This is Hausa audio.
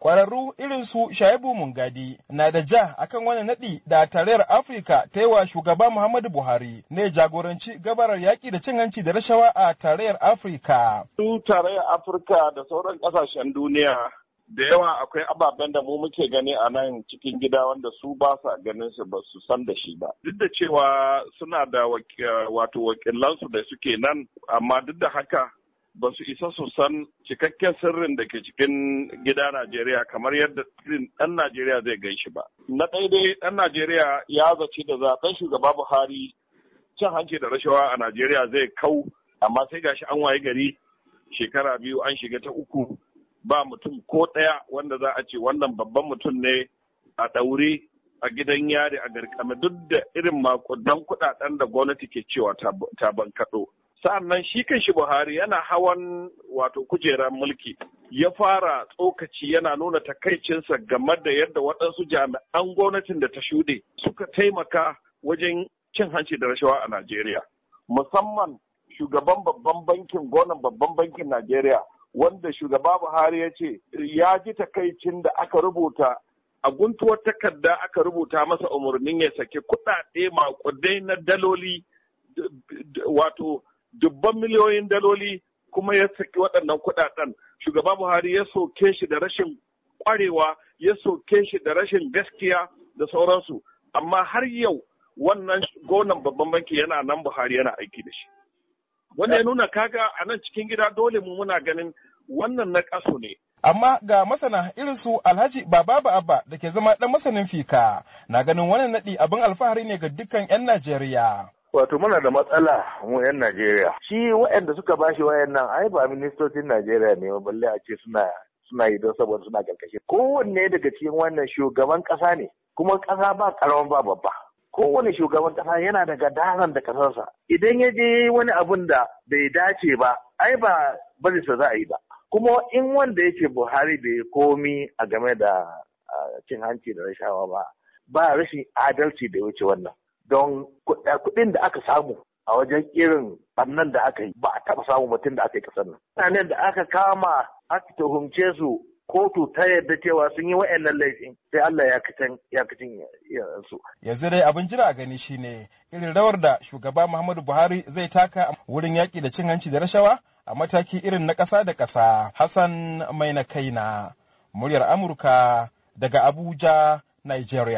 Kwararru irin su Shaibu Gadi na da ja akan wani nadi da tarayyar Afirka ta yi wa shugaba Muhammadu Buhari ne jagoranci gabarar yaƙi da cin hanci da rashawa a tarayyar Afirka. Su tarayyar Afirka da sauran ƙasashen duniya da yawa akwai ababen da mu muke gani a nan cikin gida wanda su ba sa ganin su ba su san da shi ba duk da cewa suna da wato wakilansu da suke nan amma duk da haka ba su isa su san cikakken sirrin da ke cikin gida Najeriya kamar yadda ɗan Najeriya zai gan shi ba. Na daidai ɗan Najeriya ya zaci da zaɓen shugaba Buhari cin hanci da rashawa a Najeriya zai kau amma sai gashi an waye gari shekara biyu an shiga ta uku ba mutum ko ɗaya wanda za a ce wannan babban mutum ne a ɗaure a gidan yari a garkame duk da irin makudan kuɗaɗen da gwamnati ke cewa ta bankaɗo. sa'annan shi kan shi buhari yana hawan wato kujerar mulki ya fara tsokaci yana nuna takaicinsa game da yadda waɗansu jami'an gwamnatin da ta shuɗe suka taimaka wajen cin hanci da rashawa a najeriya musamman shugaban babban bankin gonan babban bankin najeriya wanda shugaba buhari ya ce ya ji takaicin da aka rubuta a guntuwar takarda aka rubuta masa umarnin ya saki kuɗaɗe maƙudai na daloli wato dubban miliyoyin daloli kuma ya saki waɗannan kuɗaɗen shugaba buhari ya soke shi da rashin ƙwarewa ya soke shi da rashin gaskiya da sauransu amma har yau wannan gonan babban banki yana nan buhari yana aiki da shi wanda ya nuna kaga a nan cikin gida dole mu muna ganin wannan na kaso ne amma ga masana irin su alhaji baba abba da ke zama ɗan masanin fika na ganin wannan naɗi abin alfahari ne ga dukkan 'yan najeriya Wato muna da matsala mu 'yan Najeriya. Shi waɗanda suka bashi wayannan ai ba ministocin Najeriya ne balle a ce suna suna yi don saboda suna karkashin. Kowanne daga cikin wannan shugaban ƙasa ne kuma ƙasa ba ƙaramin ba babba. Kowane shugaban ƙasa yana da gadaran da ƙasarsa. Idan ya je wani abun da bai dace ba, ai ba barisa za a yi ba. Kuma in wanda yake Buhari bai komi a game da cin hanci da rashawa ba, ba rashin adalci da wuce wannan. don eh, kuɗin da aka samu a wajen irin bannan da aka yi ba a taɓa samu mutum da aka yi kasar nan. Mutanen da aka kama aka tuhumce su kotu ta yadda cewa sun yi wa'annan laifin sai Allah ya kacin ya kacin su. Yanzu dai abin jira a gani shine irin rawar da shugaba Muhammadu Buhari zai taka wurin yaƙi da cin hanci da rashawa a mataki irin na ƙasa da ƙasa. Hassan maina kaina, muryar Amurka daga Abuja, Nigeria.